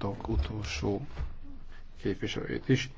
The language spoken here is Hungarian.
a utolsó képviselőjét is.